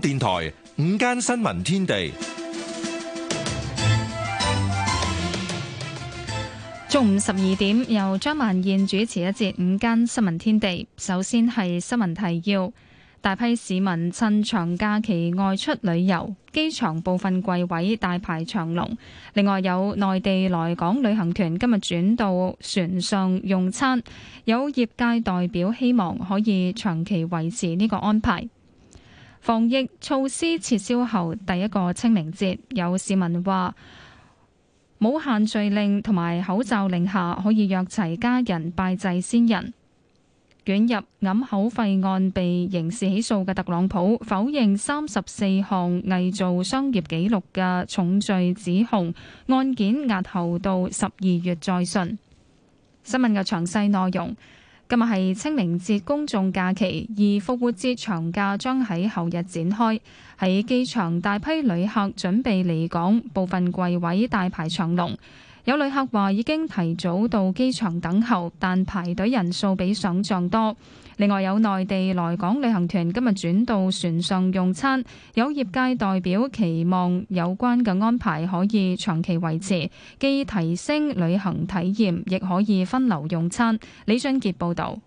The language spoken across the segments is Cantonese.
電台午間新聞天地，中午十二點，由張曼燕主持一節午間新聞天地。首先係新聞提要：大批市民趁長假期外出旅遊，機場部分櫃位大排長龍。另外，有內地來港旅行團今日轉到船上用餐，有業界代表希望可以長期維持呢個安排。防疫措施撤銷後第一個清明節，有市民話冇限聚令同埋口罩令下，可以約齊家人拜祭先人。卷入掩口費案被刑事起訴嘅特朗普，否認三十四項偽造商業記錄嘅重罪指控，案件押後到十二月再訊。新聞嘅詳細內容。今日係清明節公眾假期，而復活節長假將喺後日展開。喺機場，大批旅客準備離港，部分櫃位大排長龍。有旅客話已經提早到機場等候，但排隊人數比想像多。另外，有內地來港旅行團今日轉到船上用餐。有業界代表期望有關嘅安排可以長期維持，既提升旅行體驗，亦可以分流用餐。李俊傑報導。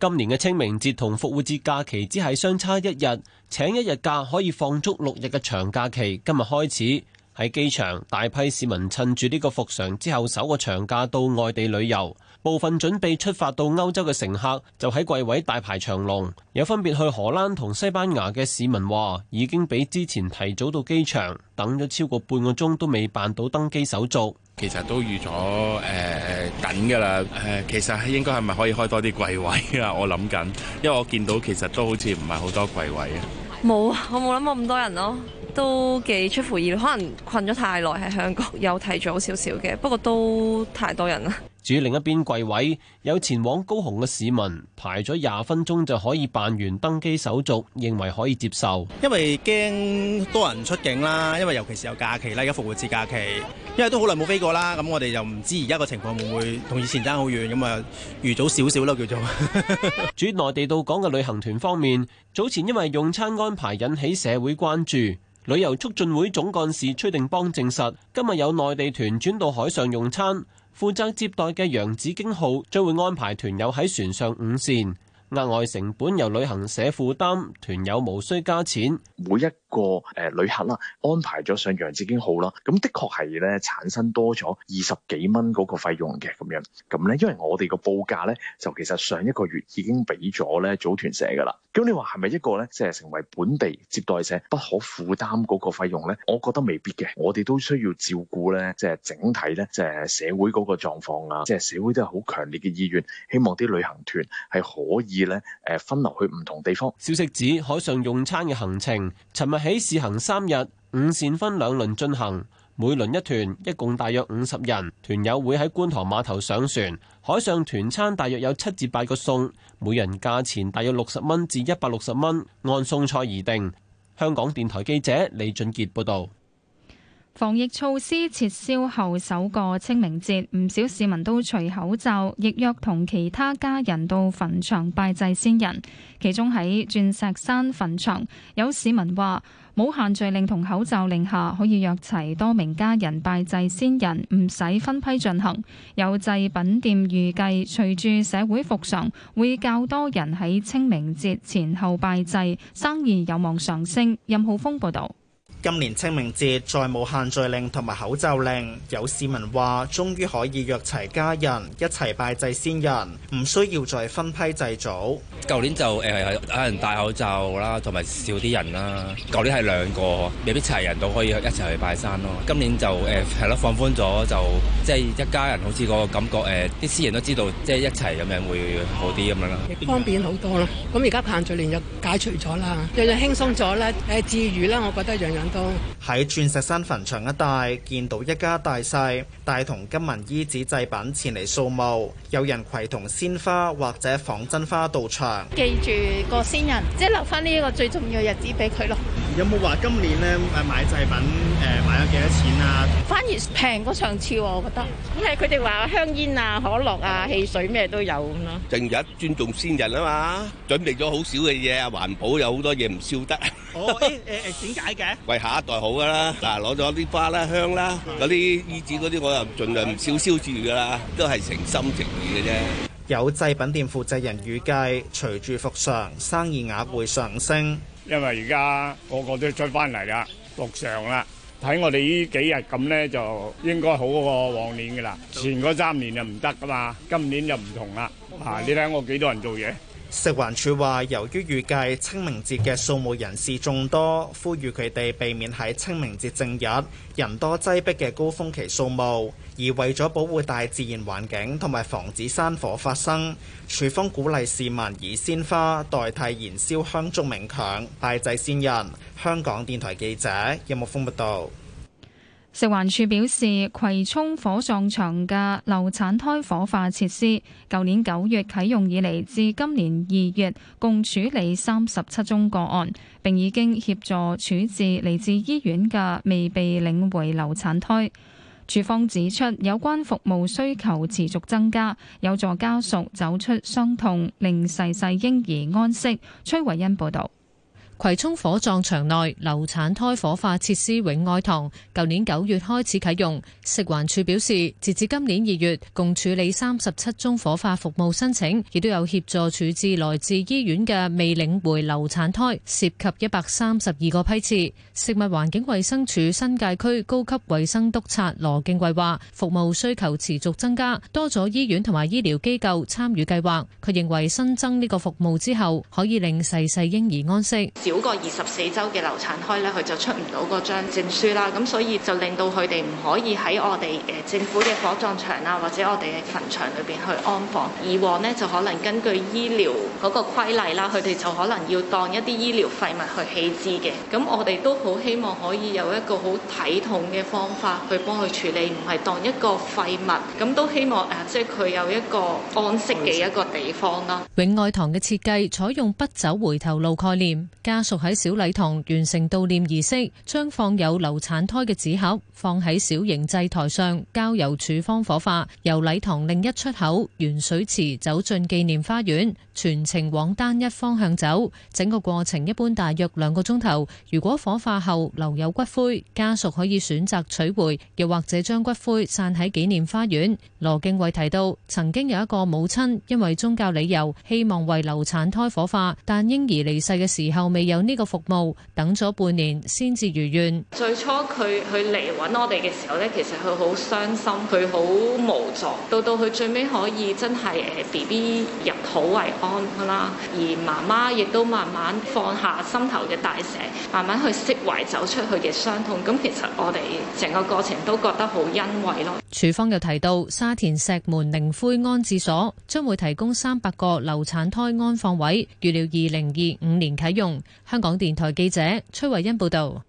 今年嘅清明節同復活節假期只係相差一日，請一日假可以放足六日嘅長假期。今日開始。喺機場，大批市民趁住呢個復常之後，首個長假到外地旅遊。部分準備出發到歐洲嘅乘客就喺櫃位大排長龍。有分別去荷蘭同西班牙嘅市民話，已經比之前提早到機場，等咗超過半個鐘都未辦到登機手續。其實都預咗誒、呃、等噶啦。誒、呃，其實係應該係咪可以開多啲櫃位啊？我諗緊，因為我見到其實都好似唔係好多櫃位啊。冇啊，我冇諗過咁多人咯。都幾出乎意料，可能困咗太耐喺香港，有提早少少嘅。不過都太多人啦。至於另一邊櫃位有前往高雄嘅市民排咗廿分鐘就可以辦完登機手續，認為可以接受。因為驚多人出境啦，因為尤其是有假期啦，而家復活節假期，因為都好耐冇飛過啦。咁我哋又唔知而家個情況會唔會同以前爭好遠，咁啊預早少少咯，叫做。至於 內地到港嘅旅行團方面，早前因為用餐安排引起社會關注。旅遊促進會總幹事崔定邦證實，今日有內地團轉到海上用餐，負責接待嘅楊子京號將會安排團友喺船上午膳。額外成本由旅行社負擔，團友無需加錢。每一個誒旅客啦，安排咗上楊志經號啦，咁的確係咧產生多咗二十幾蚊嗰個費用嘅咁樣。咁咧，因為我哋個報價咧，就其實上一個月已經俾咗咧組團社噶啦。咁你話係咪一個咧，即係成為本地接待社不可負擔嗰個費用咧？我覺得未必嘅，我哋都需要照顧咧，即係整體咧，即係社會嗰個狀況啊，即係社會都係好強烈嘅意願，希望啲旅行團係可以。咧，誒分流去唔同地方。消息指海上用餐嘅行程，尋日起試行三日，午膳分兩輪進行，每輪一團，一共大約五十人。團友會喺觀塘碼頭上船，海上團餐大約有七至八個餸，每人價錢大約六十蚊至一百六十蚊，按餸菜而定。香港電台記者李俊傑報道。防疫措施撤銷後首個清明節唔少市民都除口罩，亦約同其他家人到墳場拜祭先人。其中喺鑽石山墳場，有市民話冇限聚令同口罩令下，可以約齊多名家人拜祭先人，唔使分批進行。有祭品店預計隨住社會復常，會較多人喺清明節前後拜祭，生意有望上升。任浩峰報道。今年清明節再冇限聚令同埋口罩令，有市民話終於可以約齊家人一齊拜祭先人，唔需要再分批祭祖。舊年就誒有人戴口罩啦，同埋少啲人啦。舊年係兩個，未必齊人都可以一齊去拜山咯。今年就誒係咯放寬咗，就即係一家人好似個感覺誒，啲私人都知道即係一齊咁樣會好啲咁樣啦。方便好多啦，咁而家限聚令又解除咗啦，樣樣輕鬆咗啦，誒至於啦，我覺得樣樣。喺鑽 石山墳場一帶，見到一家大細帶同金文衣紙祭品前嚟掃墓，有人攜同鮮花或者仿真花到場。記住個先人，即、就、係、是、留翻呢一個最重要嘅日子俾佢咯。有冇話今年咧買祭品誒買咗幾多錢啊？反而平過上次，啊，我覺得。咁係佢哋話香煙啊、可樂啊、汽水咩、啊、都有咁、啊、咯。淨係尊重先人啊嘛，準備咗好少嘅嘢啊，環保有好多嘢唔燒得。哦誒誒，點解嘅？欸欸 下一代好噶啦，嗱，攞咗啲花啦、香啦，嗰啲衣紙嗰啲，我又儘量少燒住噶啦，都係誠心誠意嘅啫。有製品店負責人預計，隨住復常，生意額會上升。因為而家個個都出翻嚟啦，復常啦，睇我哋呢幾日咁咧，就應該好，好過往年噶啦。前嗰三年就唔得噶嘛，今年就唔同啦。啊，你睇我幾多人做嘢？食環署話，由於預計清明節嘅掃墓人士眾多，呼籲佢哋避免喺清明節正日人多擠迫嘅高峰期掃墓，而為咗保護大自然環境同埋防止山火發生，署方鼓勵市民以鮮花代替燃燒香燭冥鏹拜祭先人。香港電台記者任木峯報道。有食環署表示，葵涌火葬場嘅流產胎火化設施，舊年九月啟用以嚟，至今年二月共處理三十七宗個案，並已經協助處置嚟自醫院嘅未被領回流產胎。署方指出，有關服務需求持續增加，有助家屬走出傷痛，令逝世嬰兒安息。崔惠恩報導。葵涌火葬場內流產胎火化設施永愛堂，舊年九月開始啟用。食環署表示，截至今年二月，共處理三十七宗火化服務申請，亦都有協助處置來自醫院嘅未領回流產胎，涉及一百三十二個批次。食物環境衛生署新界區高級衛生督察羅敬貴話，服務需求持續增加，多咗醫院同埋醫療機構參與計劃。佢認為新增呢個服務之後，可以令逝世嬰兒安息。少過二十四週嘅流產胎咧，佢就出唔到嗰張證書啦。咁所以就令到佢哋唔可以喺我哋誒政府嘅火葬場啊，或者我哋嘅墳場裏邊去安放。以往呢，就可能根據醫療嗰個規例啦，佢哋就可能要當一啲醫療廢物去棄置嘅。咁我哋都好希望可以有一個好體統嘅方法去幫佢處理，唔係當一個廢物。咁都希望誒，即係佢有一個安息嘅一個地方啦。永愛堂嘅設計採用不走回頭路概念。家屬喺小禮堂完成悼念儀式，將放有流產胎嘅紙盒放喺小型祭台上，交由署方火化。由禮堂另一出口沿水池走進紀念花園，全程往單一方向走。整個過程一般大約兩個鐘頭。如果火化後留有骨灰，家屬可以選擇取回，又或者將骨灰散喺紀念花園。羅敬偉提到，曾經有一個母親因為宗教理由，希望為流產胎火化，但嬰兒離世嘅時候未有呢個服務，等咗半年先至如願。最初佢佢嚟搵我哋嘅時候咧，其實佢好傷心，佢好無助。到到佢最尾可以真係誒，B B 入土為安啦，而媽媽亦都慢慢放下心頭嘅大石，慢慢去釋懷，走出去嘅傷痛。咁其實我哋整個過程都覺得好欣慰咯。署方又提到，沙田石門靈灰安置所將會提供三百個流產胎安放位，預料二零二五年啟用。香港電台記者崔慧欣報道，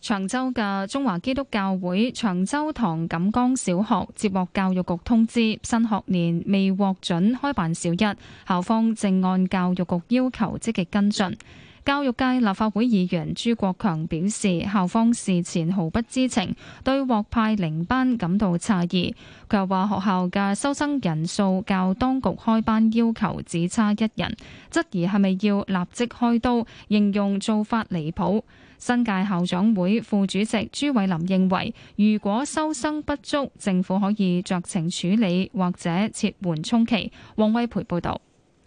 長洲嘅中華基督教會長洲堂錦江小學接獲教育局通知，新學年未獲准開辦小一，校方正按教育局要求積極跟進。教育界立法會議員朱國強表示，校方事前毫不知情，對獲派零班感到詫異。佢又話，學校嘅收生人數較當局開班要求只差一人，質疑係咪要立即開刀，形容做法離譜。新界校長會副主席朱偉林認為，如果收生不足，政府可以酌情處理或者設緩衝期。王威培報導。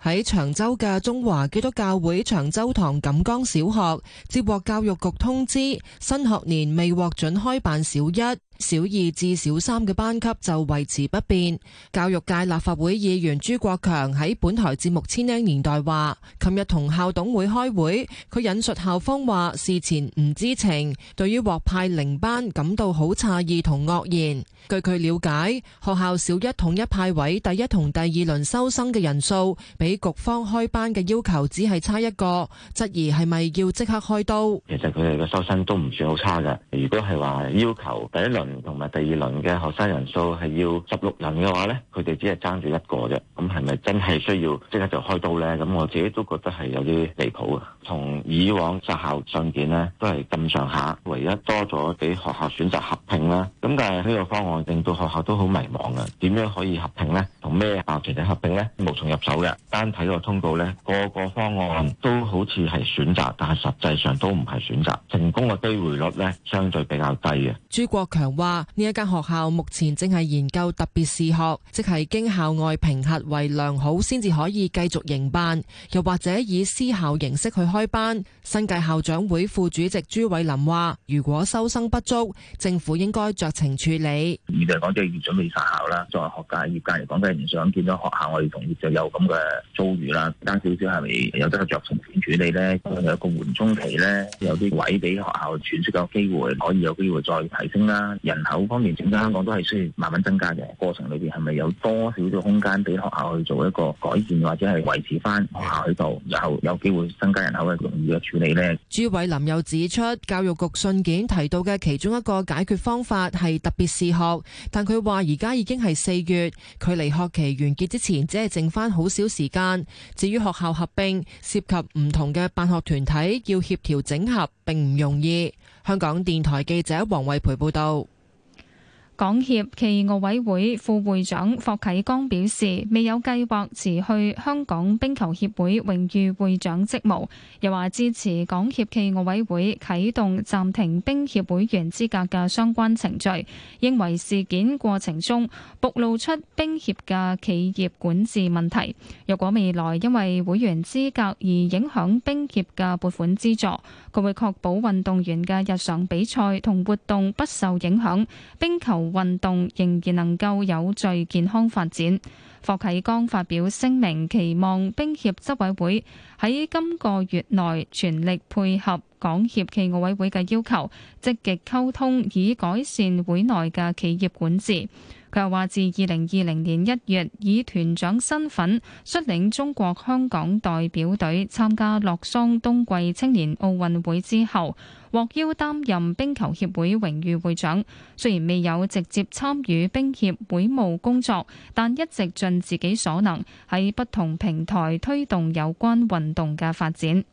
喺長洲嘅中華基督教會長洲堂錦江小學，接獲教育局通知，新學年未獲准開辦小一。小二至小三嘅班級就維持不變，教育界立法會議員朱國強喺本台節目《千禧年代》話琴日同校董會開會，佢引述校方話事前唔知情，對於獲派零班感到好詫異同愕然。據佢了解，學校小一統一派位第一同第二輪收生嘅人數比局方開班嘅要求只係差一個，質疑係咪要即刻開刀？其實佢哋嘅收生都唔算好差噶，如果係話要求第一輪。同埋第二輪嘅學生人數係要十六人嘅話呢，佢哋只係爭住一個啫。咁係咪真係需要即刻就開刀呢？咁我自己都覺得係有啲離譜啊。同以往擇校事件呢，都係咁上下，唯一多咗俾學校選擇合併啦。咁但係呢個方案令到學校都好迷茫啊。點樣可以合併呢？咩校企嘅合併咧，無從入手嘅。單睇個通告咧，個個方案都好似係選擇，但係實際上都唔係選擇。成功嘅機會率咧，相對比較低嘅。朱國強話，呢一間學校目前正係研究特別試學，即係經校外評核為良好，先至可以繼續營辦，又或者以私校形式去開班。新界校長會副主席朱偉林話，如果收生不足，政府應該酌情處理。而嚟講，即要準備查校啦。作為學界業界嚟講，都係。想見到學，學校，我哋同業就有咁嘅遭遇啦。爭少少係咪有得酌情處理呢？咁一個緩衝期呢，有啲位俾學校轉出嘅機會，可以有機會再提升啦。人口方面，整間香港都係需要慢慢增加嘅。過程裏邊係咪有多少少空間俾學校去做一個改善，或者係維持翻學校喺度，然後有機會增加人口嘅容易嘅處理呢？朱偉林又指出，教育局信件提到嘅其中一個解決方法係特別試學，但佢話而家已經係四月，距離學期完結之前，只係剩翻好少時間。至於學校合併涉及唔同嘅辦學團體，要協調整合，並唔容易。香港電台記者黃惠培報道。港協企奧委會副會長霍啟剛表示，未有計劃辭去香港冰球協會榮譽會，會長職務，又話支持港協企奧委會啟動暫停冰協會員資格嘅相關程序，認為事件過程中暴露出冰協嘅企業管治問題。若果未來因為會員資格而影響冰協嘅撥款資助。佢會確保運動員嘅日常比賽同活動不受影響，冰球運動仍然能夠有序健康發展。霍啟剛發表聲明，期望冰協執委會喺今個月內全力配合。港協暨奧委會嘅要求，積極溝通以改善會內嘅企業管治。佢又話：自二零二零年一月以團長身份率領中國香港代表隊參加洛桑冬季青年奧運會之後，獲邀擔任冰球協會榮譽會長。雖然未有直接參與冰協會務工作，但一直盡自己所能喺不同平台推動有關運動嘅發展。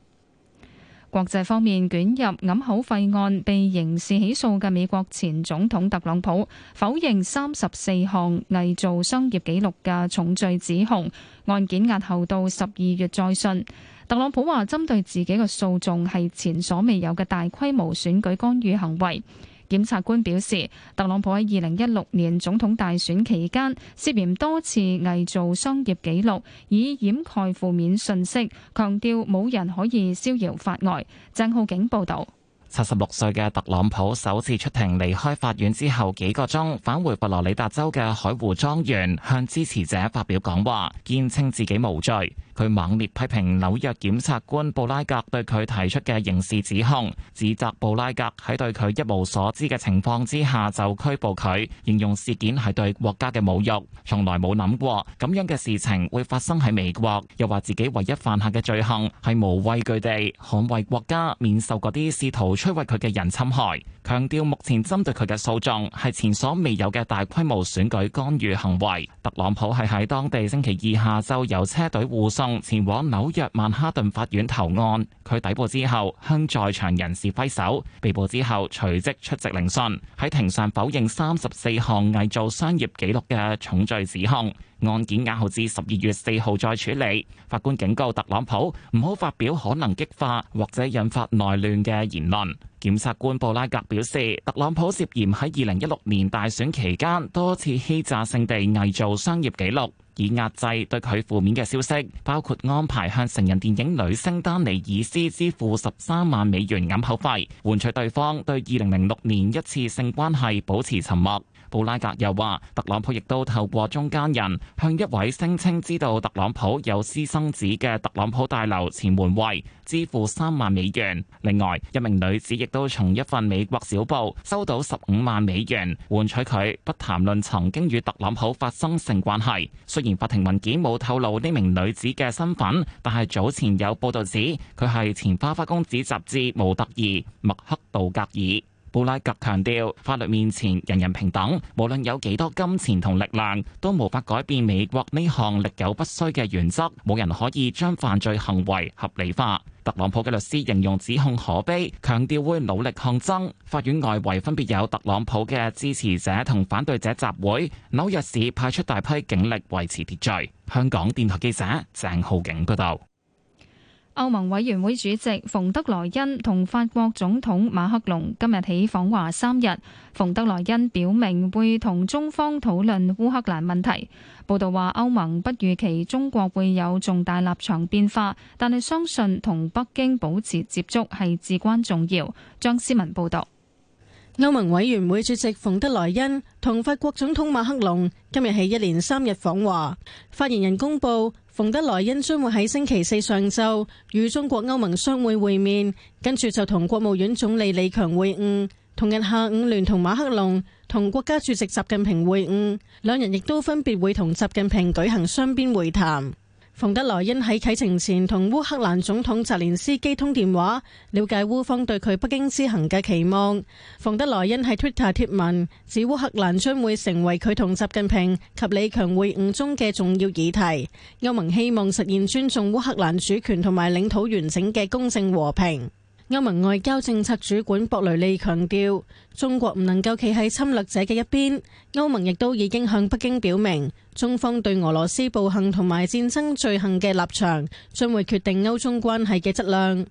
國際方面，捲入掩口費案被刑事起訴嘅美國前總統特朗普否認三十四項偽造商業記錄嘅重罪指控，案件押後到十二月再訊。特朗普話，針對自己嘅訴訟係前所未有嘅大規模選舉干預行為。檢察官表示，特朗普喺二零一六年總統大選期間涉嫌多次偽造商業記錄，以掩蓋負面信息。強調冇人可以逍遙法外。鄭浩景報道，七十六歲嘅特朗普首次出庭，離開法院之後幾個鐘，返回佛羅里達州嘅海湖莊園，向支持者發表講話，堅稱自己無罪。佢猛烈批評紐約檢察官布拉格對佢提出嘅刑事指控，指責布拉格喺對佢一無所知嘅情況之下就拘捕佢，形容事件係對國家嘅侮辱，從來冇諗過咁樣嘅事情會發生喺美國。又話自己唯一犯下嘅罪行係無畏懼地捍衛國家，免受嗰啲試圖摧毀佢嘅人侵害。強調目前針對佢嘅訴訟係前所未有嘅大規模選舉干預行為。特朗普係喺當地星期二下晝由車隊護送。前往紐約曼哈頓法院投案，佢抵捕之後，向在場人士揮手，被捕之後，隨即出席聆訊。喺庭上否認三十四項以壓制對佢負面嘅消息，包括安排向成人電影女星丹尼爾斯支付十三萬美元掩口費，換取對方對二零零六年一次性關係保持沉默。布拉格又話，特朗普亦都透過中間人向一位聲稱知道特朗普有私生子嘅特朗普大樓前門衞支付三萬美元。另外，一名女子亦都從一份美國小報收到十五萬美元，換取佢不談論曾經與特朗普發生性關係。雖然法庭文件冇透露呢名女子嘅身份，但係早前有報導指佢係前花花公子雜誌模特兒麥克道格爾。布拉格強調，法律面前人人平等，無論有幾多金錢同力量，都無法改變美國呢項歷久不衰嘅原則，冇人可以將犯罪行為合理化。特朗普嘅律師形容指控可悲，強調會努力抗爭。法院外圍分別有特朗普嘅支持者同反對者集會，紐約市派出大批警力維持秩序。香港電台記者鄭浩景報道。Nicum 歐盟委員會主席馮德萊恩同法國總統馬克龍今日起訪華三日。馮德萊恩表明會同中方討論烏克蘭問題。報道話，歐盟不預期中國會有重大立場變化，但係相信同北京保持接觸係至關重要。張思文報道，歐盟委員會主席馮德萊恩同法國總統馬克龍今日起一連三日訪華。發言人公布。馮德萊恩將會喺星期四上晝與中國歐盟商會會面，跟住就同國務院總理李強會晤。同日下午，聯同馬克龍同國家主席習近平會晤，兩人亦都分別會同習近平舉行雙邊會談。馮德萊恩喺啟程前同烏克蘭總統澤連斯基通電話，了解烏方對佢北京之行嘅期望。馮德萊恩喺 Twitter 貼文指烏克蘭將會成為佢同習近平及李強會晤中嘅重要議題。歐盟希望實現尊重烏克蘭主權同埋領土完整嘅公正和平。歐盟外交政策主管博雷利強調，中國唔能夠企喺侵略者嘅一邊。歐盟亦都已經向北京表明，中方對俄羅斯暴行同埋戰爭罪行嘅立場，將會決定歐中關係嘅質量。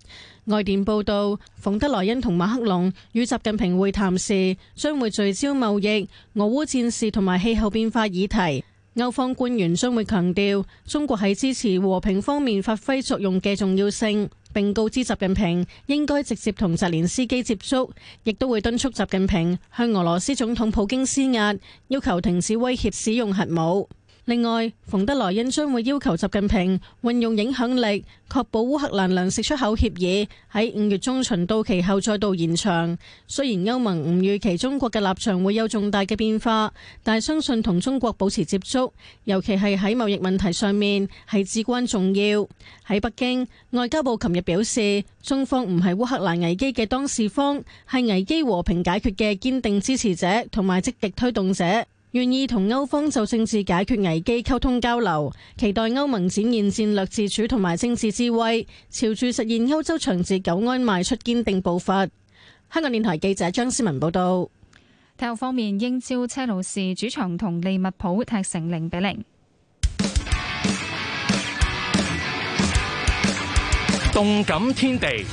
外電報道，馮德萊恩同馬克龍與習近平會談時，將會聚焦貿易、俄烏戰事同埋氣候變化議題。歐方官員將會強調，中國喺支持和平方面發揮作用嘅重要性。並告知習近平應該直接同澤連斯基接觸，亦都會敦促習近平向俄羅斯總統普京施壓，要求停止威脅使用核武。另外，馮德萊恩將會要求習近平運用影響力，確保烏克蘭糧食出口協議喺願意同歐方就政治解決危機溝通交流，期待歐盟展現戰略自主同埋政治智慧，朝住實現歐洲長治久安邁出堅定步伐。香港電台記者張思文報道。體育方面，英超車路士主場同利物浦踢成零比零。動感天地。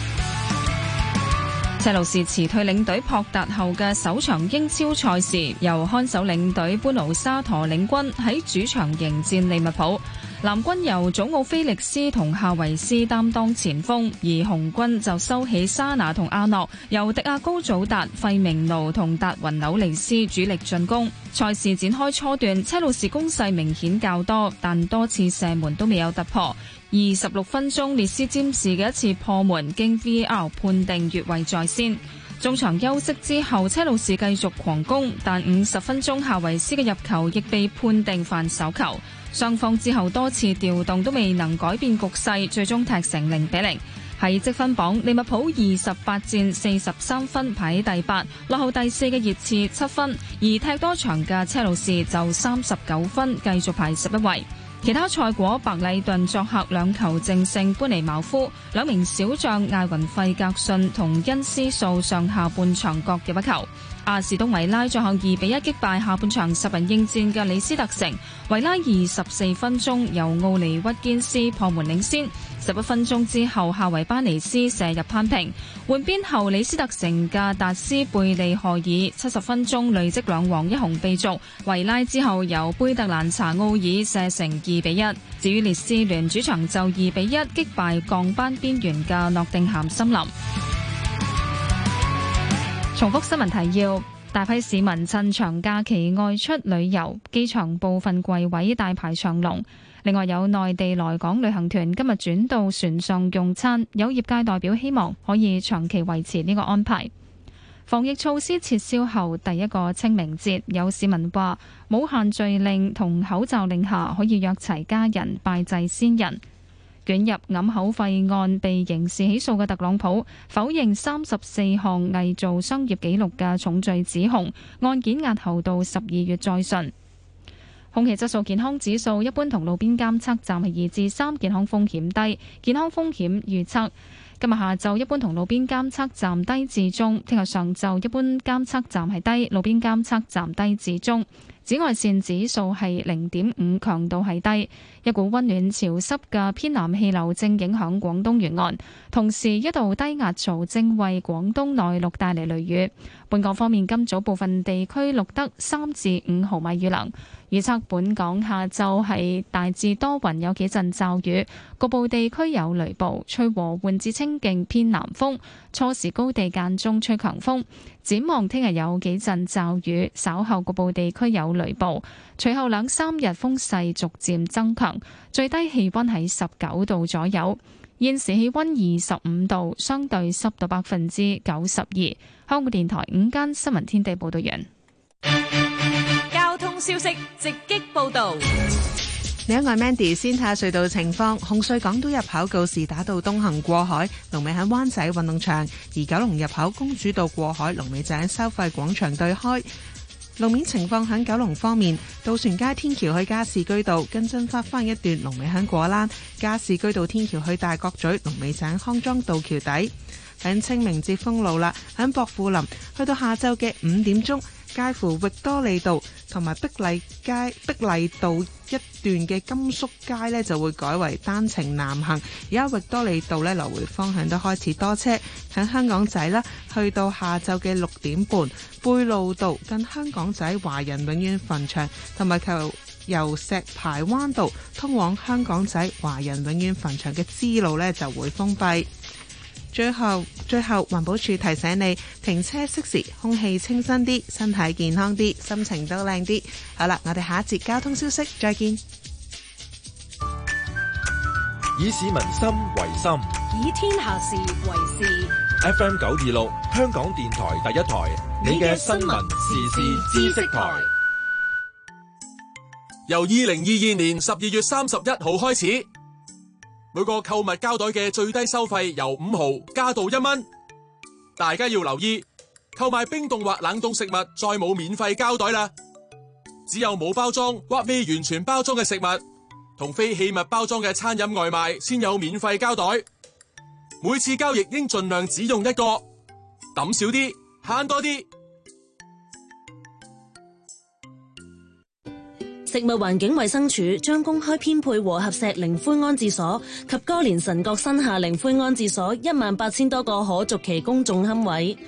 車路士辭退領隊博達後嘅首場英超賽事，由看守領隊搬奴沙陀領軍喺主場迎戰利物浦。藍軍由祖奧菲力斯同夏維斯擔當前鋒，而紅軍就收起沙拿同阿諾，由迪亞高祖達、費明奴同達雲紐尼斯主力進攻。賽事展開初段，車路士攻勢明顯較多，但多次射門都未有突破。二十六分鐘，列斯占士嘅一次破門經 VAR 判定越位在先。中場休息之後，車路士繼續狂攻，但五十分鐘夏維斯嘅入球亦被判定犯手球。雙方之後多次調動都未能改變局勢，最終踢成零比零。喺積分榜，利物浦二十八戰四十三分排喺第八，落後第四嘅熱刺七分；而踢多場嘅車路士就三十九分，繼續排十一位。其他賽果，白禮頓作客兩球正勝般尼茅夫，兩名小將艾雲費格遜同恩斯素上下半場各入一球。阿士東維拉最後二比一擊敗下半場十人應戰嘅里斯特城，維拉二十四分鐘由奧利屈堅斯破門領先，十一分鐘之後夏維巴尼斯射入攀平。換邊後里斯特城嘅達斯貝利荷爾七十分鐘累積兩黃一紅被逐，維拉之後由貝特蘭查奧爾射成二比一。至於列斯聯主場就二比一擊敗降班邊緣嘅諾定咸森林。重複新聞提要：大批市民趁長假期外出旅遊，機場部分櫃位大排長龍。另外，有內地來港旅行團今日轉到船上用餐。有業界代表希望可以長期維持呢個安排。防疫措施撤銷後，第一個清明節，有市民話冇限聚令同口罩令下，可以約齊家人拜祭先人。捲入掩口費案被刑事起訴嘅特朗普否認三十四項偽造商業記錄嘅重罪指控，案件押後到十二月再訊。空氣質素健康指數一般同路邊監測站係二至三，健康風險低。健康風險預測今日下晝一般同路邊監測站低至中，聽日上晝一般監測站係低，路邊監測站低至中。紫外線指數係零點五，強度係低。一股溫暖潮濕嘅偏南氣流正影響廣東沿岸，同時一道低壓槽正為廣東內陸帶嚟雷雨。本港方面，今早部分地區錄得三至五毫米雨量。預測本港下晝係大致多雲，有幾陣驟雨，局部地區有雷暴，吹和緩至清勁偏南風，初時高地間中吹強風。展望聽日有幾陣驟雨，稍後局部地區有雷暴，隨後兩三日風勢逐漸增強。最低氣溫喺十九度左右，現時氣溫二十五度，相對濕度百分之九十二。香港電台午間新聞天地報道完。交通消息直擊報道。你好，我係 Mandy，先睇下隧道情況。紅隧港島入口告士打道東行過海，龍尾喺灣仔運動場；而九龍入口公主道過海，龍尾就喺收費廣場對開。路面情況喺九龍方面，渡船街天橋去加士居道，跟進發翻一段龍尾響果欄；加士居道天橋去大角咀，龍尾響康莊道橋底。喺清明節封路啦，喺薄扶林去到下晝嘅五點鐘。介乎域多利道同埋碧荔街碧荔道一段嘅金粟街咧，就會改為單程南行。而家域多利道咧，來回方向都開始多車。響香港仔啦，去到下晝嘅六點半，貝路道近香港仔華人永遠墳場同埋由由石排灣道通往香港仔華人永遠墳場嘅支路咧，就會封閉。最後，最後，環保署提醒你，停車適時，空氣清新啲，身體健康啲，心情都靚啲。好啦，我哋下一節交通消息再見。以市民心為心，以天下事為事。FM 九二六，香港電台第一台，你嘅新聞，新聞時事知識台，由二零二二年十二月三十一號開始。每個購物膠袋嘅最低收費由五毫加到一蚊，大家要留意，購買冰凍或冷凍食物再冇免費膠袋啦，只有冇包裝或未完全包裝嘅食物同非器物包裝嘅餐飲外賣先有免費膠袋，每次交易應盡量只用一個，抌少啲慳多啲。食物環境衞生署將公開編配和合石靈灰安置所及哥連臣角新下靈灰安置所一萬八千多個可續期公眾龕位，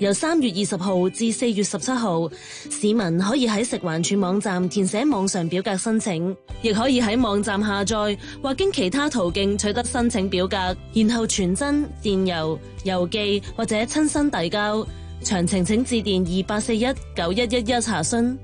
由三月二十號至四月十七號，市民可以喺食環署網站填寫網上表格申請，亦可以喺網站下載或經其他途徑取得申請表格，然後傳真、電郵、郵寄或者親身遞交。詳情請致電二八四一九一一一查詢。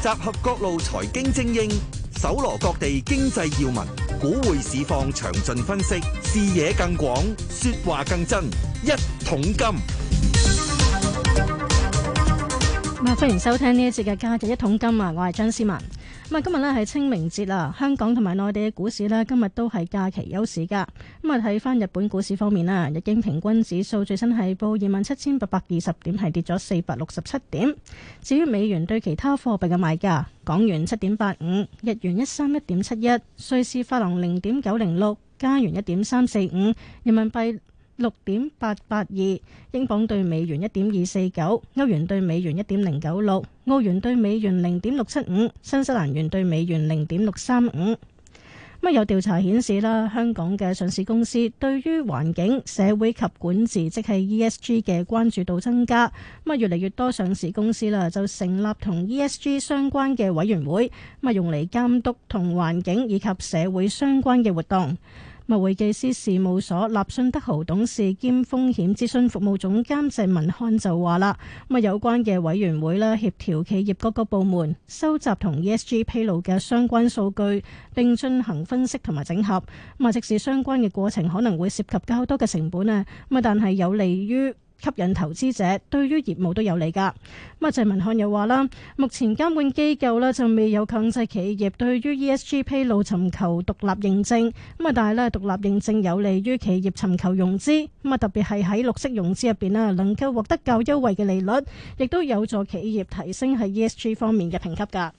集合各路財經精英，搜羅各地經濟要聞，股匯市況詳盡分析，視野更廣，說話更真。一桶金，咁啊！歡迎收聽呢一節嘅《價值一桶金》啊！我係張思文。咁啊，今日呢係清明節啦，香港同埋內地嘅股市呢，今日都係假期休市噶。咁啊，睇返日本股市方面啦，日經平均指數最新係報二萬七千八百二十點，係跌咗四百六十七點。至於美元對其他貨幣嘅賣價，港元七點八五，日元一三一點七一，瑞士法郎零點九零六，加元一點三四五，人民幣，六點八八二，英鎊兌美元一點二四九，歐元兌美元一點零九六，澳元兌美元零點六七五，新西蘭元兌美元零點六三五。咁有調查顯示啦，香港嘅上市公司對於環境、社會及管治，即係 ESG 嘅關注度增加。咁啊，越嚟越多上市公司啦，就成立同 ESG 相關嘅委員會，咁啊，用嚟監督同環境以及社會相關嘅活動。物會計師事務所立信德豪董事兼風險諮詢服務總監鄭文漢就話啦：咁啊，有關嘅委員會咧，協調企業各個部門收集同 ESG 披露嘅相關數據，並進行分析同埋整合。咁啊，即使相關嘅過程可能會涉及較多嘅成本啊，咁啊，但係有利於吸引投資者對於業務都有利噶。咁啊，謝文漢又話啦，目前監管機構咧就未有強制企業對於 ESG 披露尋求獨立認證。咁啊，但係咧獨立認證有利於企業尋求融資。咁啊，特別係喺綠色融資入邊啊，能夠獲得較優惠嘅利率，亦都有助企業提升喺 ESG 方面嘅評級噶。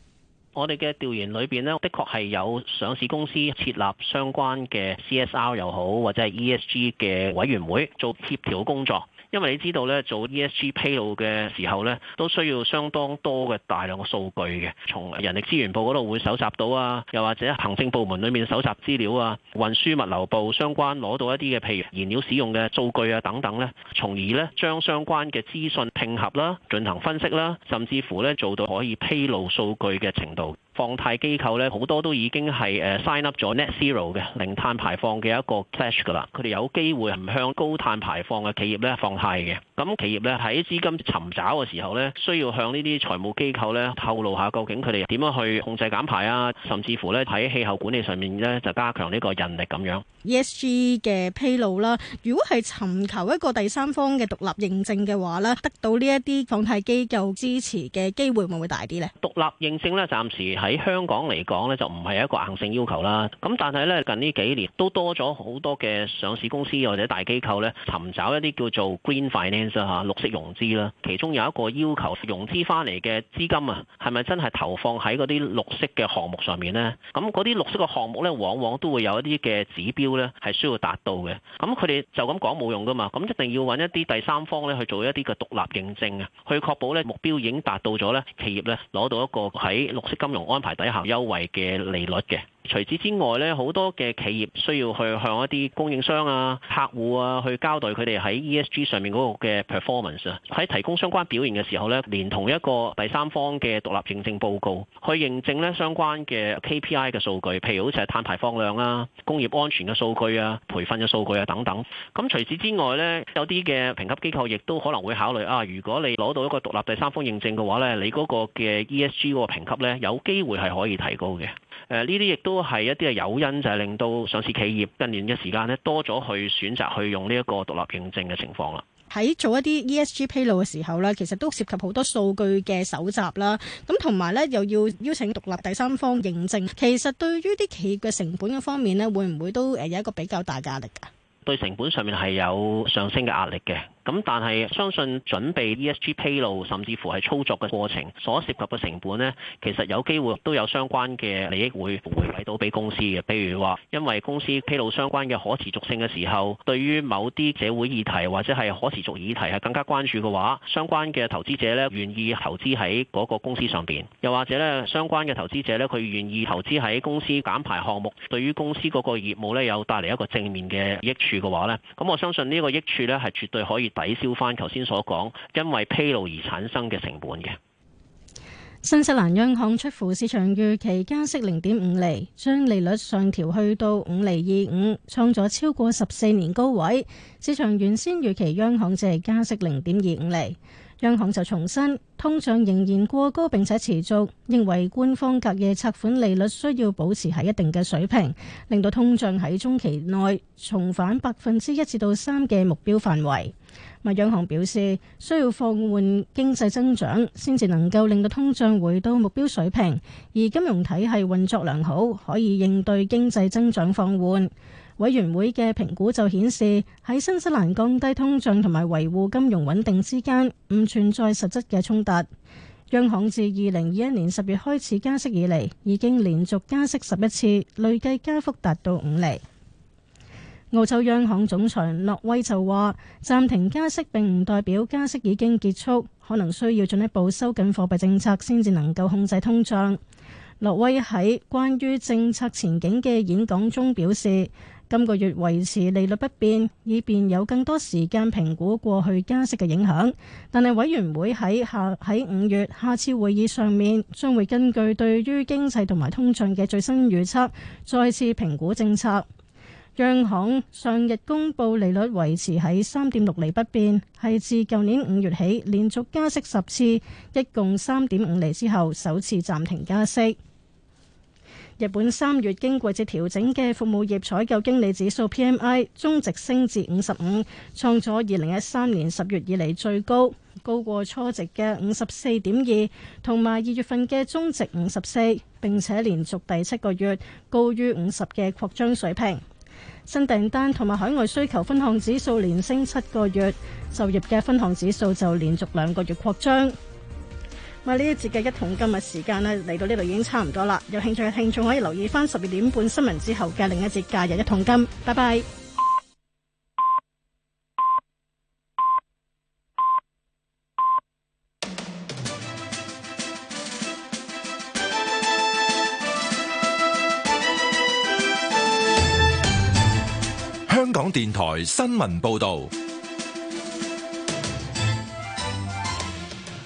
我哋嘅調研裏邊咧，的確係有上市公司設立相關嘅 CSR 又好或者係 ESG 嘅委員會做協調工作。因為你知道咧，做 ESG 披露嘅時候咧，都需要相當多嘅大量嘅數據嘅，從人力資源部嗰度會搜集到啊，又或者行政部門裡面搜集資料啊，運輸物流部相關攞到一啲嘅，譬如燃料使用嘅數據啊等等咧，從而咧將相關嘅資訊拼合啦，進行分析啦，甚至乎咧做到可以披露數據嘅程度。放貸機構咧，好多都已經係誒 sign up 咗 net zero 嘅零碳排放嘅一個 clash 噶啦，佢哋有機會唔向高碳排放嘅企業咧放貸嘅。咁企業咧喺資金尋找嘅時候咧，需要向呢啲財務機構咧透露下究竟佢哋點樣去控制減排啊，甚至乎咧喺氣候管理上面咧就加強呢個人力咁樣 ESG 嘅披露啦。如果係尋求一個第三方嘅獨立認證嘅話咧，得到呢一啲放貸機構支持嘅機會會唔會大啲咧？獨立認證咧，暫時係。喺香港嚟講咧，就唔係一個硬性要求啦。咁但係咧，近呢幾年都多咗好多嘅上市公司或者大機構咧，尋找一啲叫做 green finance 啊，嚇綠色融資啦。其中有一個要求，融資翻嚟嘅資金啊，係咪真係投放喺嗰啲綠色嘅項目上面呢？咁嗰啲綠色嘅項目咧，往往都會有一啲嘅指標咧，係需要達到嘅。咁佢哋就咁講冇用㗎嘛。咁一定要揾一啲第三方咧去做一啲嘅獨立認證啊，去確保咧目標已經達到咗咧，企業咧攞到一個喺綠色金融安排底下優惠嘅利率嘅。除此之外咧，好多嘅企業需要去向一啲供應商啊、客戶啊去交代佢哋喺 ESG 上面嗰個嘅 performance 啊，喺提供相關表現嘅時候咧，連同一個第三方嘅獨立認證報告，去認證咧相關嘅 KPI 嘅數據，譬如好似係碳排放量啊、工業安全嘅數據啊、培訓嘅數據啊等等。咁除此之外咧，有啲嘅評級機構亦都可能會考慮啊，如果你攞到一個獨立第三方認證嘅話咧，你嗰個嘅 ESG 嗰個評級咧，有機會係可以提高嘅。誒、呃，呢啲亦都。都係一啲嘅誘因，就係令到上市企業近年嘅時間咧，多咗去選擇去用呢一個獨立認證嘅情況啦。喺做一啲 ESG 披露嘅時候呢，其實都涉及好多數據嘅搜集啦，咁同埋呢，又要邀請獨立第三方認證。其實對於啲企業嘅成本嘅方面呢，會唔會都誒有一個比較大壓力噶？對成本上面係有上升嘅壓力嘅。咁但係相信準備 ESG 披露，甚至乎係操作嘅過程所涉及嘅成本咧，其實有機會都有相關嘅利益會回饋到俾公司嘅。譬如話，因為公司披露相關嘅可持續性嘅時候，對於某啲社會議題或者係可持續議題係更加關注嘅話，相關嘅投資者咧願意投資喺嗰個公司上邊，又或者咧相關嘅投資者咧佢願意投資喺公司減排項目，對於公司嗰個業務咧有帶嚟一個正面嘅益處嘅話咧，咁我相信呢個益處咧係絕對可以。抵消翻，頭先所講，因為披露而產生嘅成本嘅。新西蘭央行出乎市場預期加息零點五厘，將利率上調去到五厘二五，創咗超過十四年高位。市場原先預期央行只係加息零點二五厘，央行就重申通脹仍然過高，並且持續，認為官方隔夜拆款利率需要保持喺一定嘅水平，令到通脹喺中期內重返百分之一至到三嘅目標範圍。咁央行表示，需要放緩經濟增長先至能夠令到通脹回到目標水平。而金融體系運作良好，可以應對經濟增長放緩。委員會嘅評估就顯示，喺新西蘭降低通脹同埋維護金融穩定之間，唔存在實質嘅衝突。央行自二零二一年十月開始加息以嚟，已經連續加息十一次，累計加幅達到五厘。澳洲央行總裁洛威就話暫停加息，並唔代表加息已經結束，可能需要進一步收緊貨幣政策，先至能夠控制通脹。洛威喺關於政策前景嘅演講中表示，今個月維持利率不變，以便有更多時間評估過去加息嘅影響。但係委員會喺下喺五月下次會議上面，將會根據對於經濟同埋通脹嘅最新預測，再次評估政策。央行上日公布利率維持喺三點六厘不變，係自舊年五月起連續加息十次，一共三點五厘之後，首次暫停加息。日本三月經季節調整嘅服務業採購經理指數 PMI 終值升至五十五，創咗二零一三年十月以嚟最高，高過初值嘅五十四點二，同埋二月份嘅終值五十四，並且連續第七個月高於五十嘅擴張水平。新訂單同埋海外需求分項指數連升七個月，就業嘅分項指數就連續兩個月擴張。啊，呢一節嘅一桶金嘅時間呢，嚟到呢度已經差唔多啦，有興趣嘅聽眾可以留意返十二點半新聞之後嘅另一節假日一桶金。拜拜。電台新聞報道，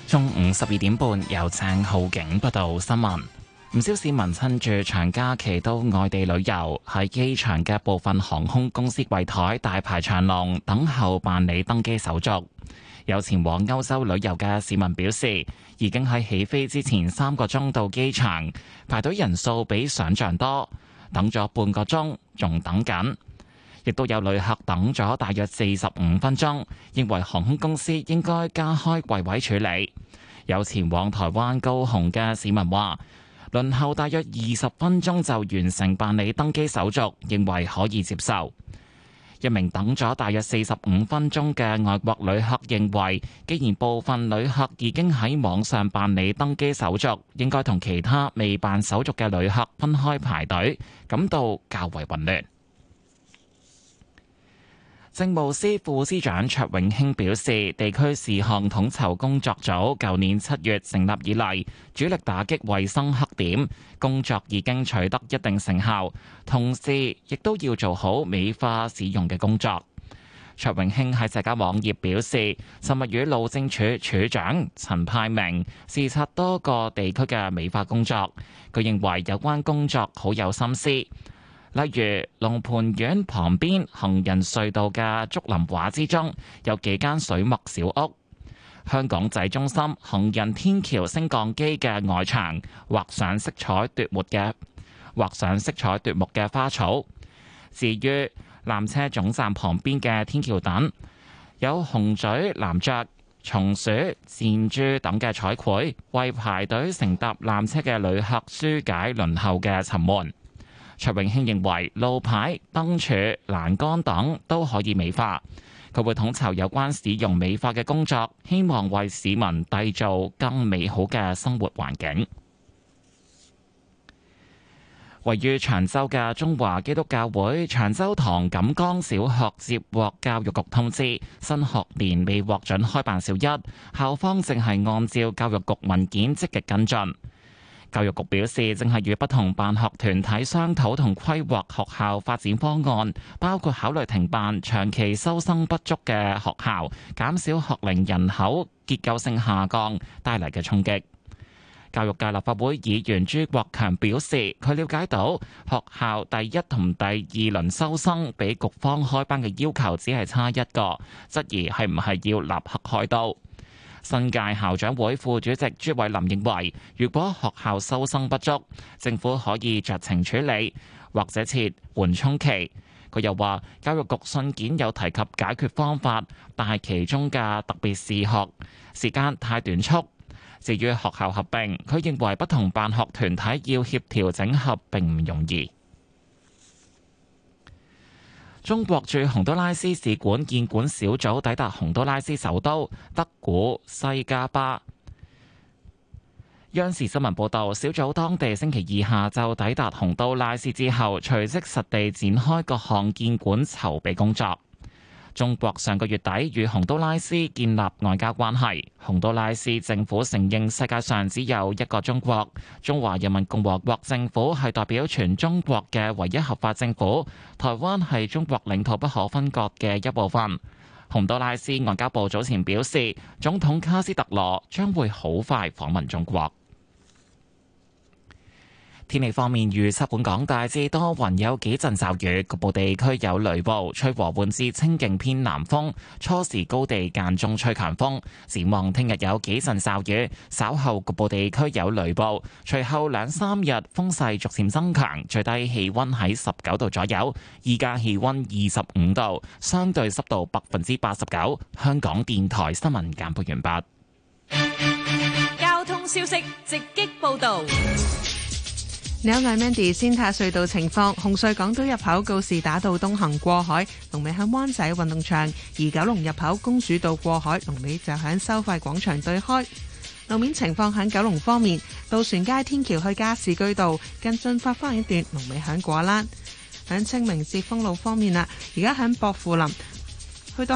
中午十二點半由鄭浩景報道新聞。唔少市民趁住長假期到外地旅遊，喺機場嘅部分航空公司櫃台大排長龍，等候辦理登機手續。有前往歐洲旅遊嘅市民表示，已經喺起飛之前三個鐘到機場，排隊人數比想象多，等咗半個鐘仲等緊。亦都有旅客等咗大約四十五分鐘，認為航空公司應該加開櫃位處理。有前往台灣高雄嘅市民話，輪候大約二十分鐘就完成辦理登機手續，認為可以接受。一名等咗大約四十五分鐘嘅外國旅客認為，既然部分旅客已經喺網上辦理登機手續，應該同其他未辦手續嘅旅客分開排隊，感到較為混亂。政務司副司長卓永興表示，地區事項統籌工作組舊年七月成立以嚟，主力打擊衛生黑點，工作已經取得一定成效，同時亦都要做好美化市容嘅工作。卓永興喺社交網頁表示，今日與路政署署長陳派明視察多個地區嘅美化工作，佢認為有關工作好有心思。例如龍盤苑旁邊行人隧道嘅竹林畫之中，有幾間水墨小屋；香港仔中心行人天橋升降機嘅外牆畫上色彩奪目嘅畫上色彩奪目嘅花草。至於纜車總站旁邊嘅天橋等，有紅嘴藍雀、松鼠、箭豬等嘅彩繪，為排隊乘搭纜車嘅旅客舒解輪候嘅沉悶。卓永興認為路牌、燈柱、欄杆等都可以美化，佢會統籌有關市容美化嘅工作，希望為市民締造更美好嘅生活環境。位於長洲嘅中華基督教會長洲堂錦江小學接獲教育局通知，新學年未獲准開辦小一，校方正係按照教育局文件積極跟進。教育局表示，正係與不同辦學團體商討同規劃學校發展方案，包括考慮停辦長期收生不足嘅學校，減少學齡人口結構性下降帶嚟嘅衝擊。教育界立法會議員朱國強表示，佢了解到學校第一同第二輪收生比局方開班嘅要求只係差一個，質疑係唔係要立刻開刀。新界校長會副主席朱偉林認為，如果學校收生不足，政府可以酌情處理或者設緩衝期。佢又話，教育局信件有提及解決方法，但係其中嘅特別視學時間太短促。至於學校合併，佢認為不同辦學團體要協調整合併唔容易。中國駐洪都拉斯使館建館小組抵達洪都拉斯首都德古西加巴。央視新聞報道，小組當地星期二下晝抵達洪都拉斯之後，隨即實地展開各項建館籌備工作。中國上個月底與洪都拉斯建立外交關係。洪都拉斯政府承認世界上只有一個中國，中華人民共和國政府係代表全中國嘅唯一合法政府。台灣係中國領土不可分割嘅一部分。洪都拉斯外交部早前表示，總統卡斯特羅將會好快訪問中國。天氣方面，預測本港大致多雲，有幾陣驟雨，局部地區有雷暴，吹和緩至清勁偏南風，初時高地間中吹強風。展望聽日有幾陣驟雨，稍後局部地區有雷暴，隨後兩三日風勢逐漸增強，最低氣温喺十九度左右，而家氣温二十五度，相對濕度百分之八十九。香港電台新聞簡報完畢。交通消息直擊報道。你好，我係 Mandy。先睇隧道情況，紅隧港島入口告士打道東行過海，龍尾響灣仔運動場；而九龍入口公主道過海，龍尾就響收費廣場對開。路面情況響九龍方面，渡船街天橋去加士居道近進發花園一段龍，龍尾響果欄。響清明節封路方面啦，而家響薄扶林。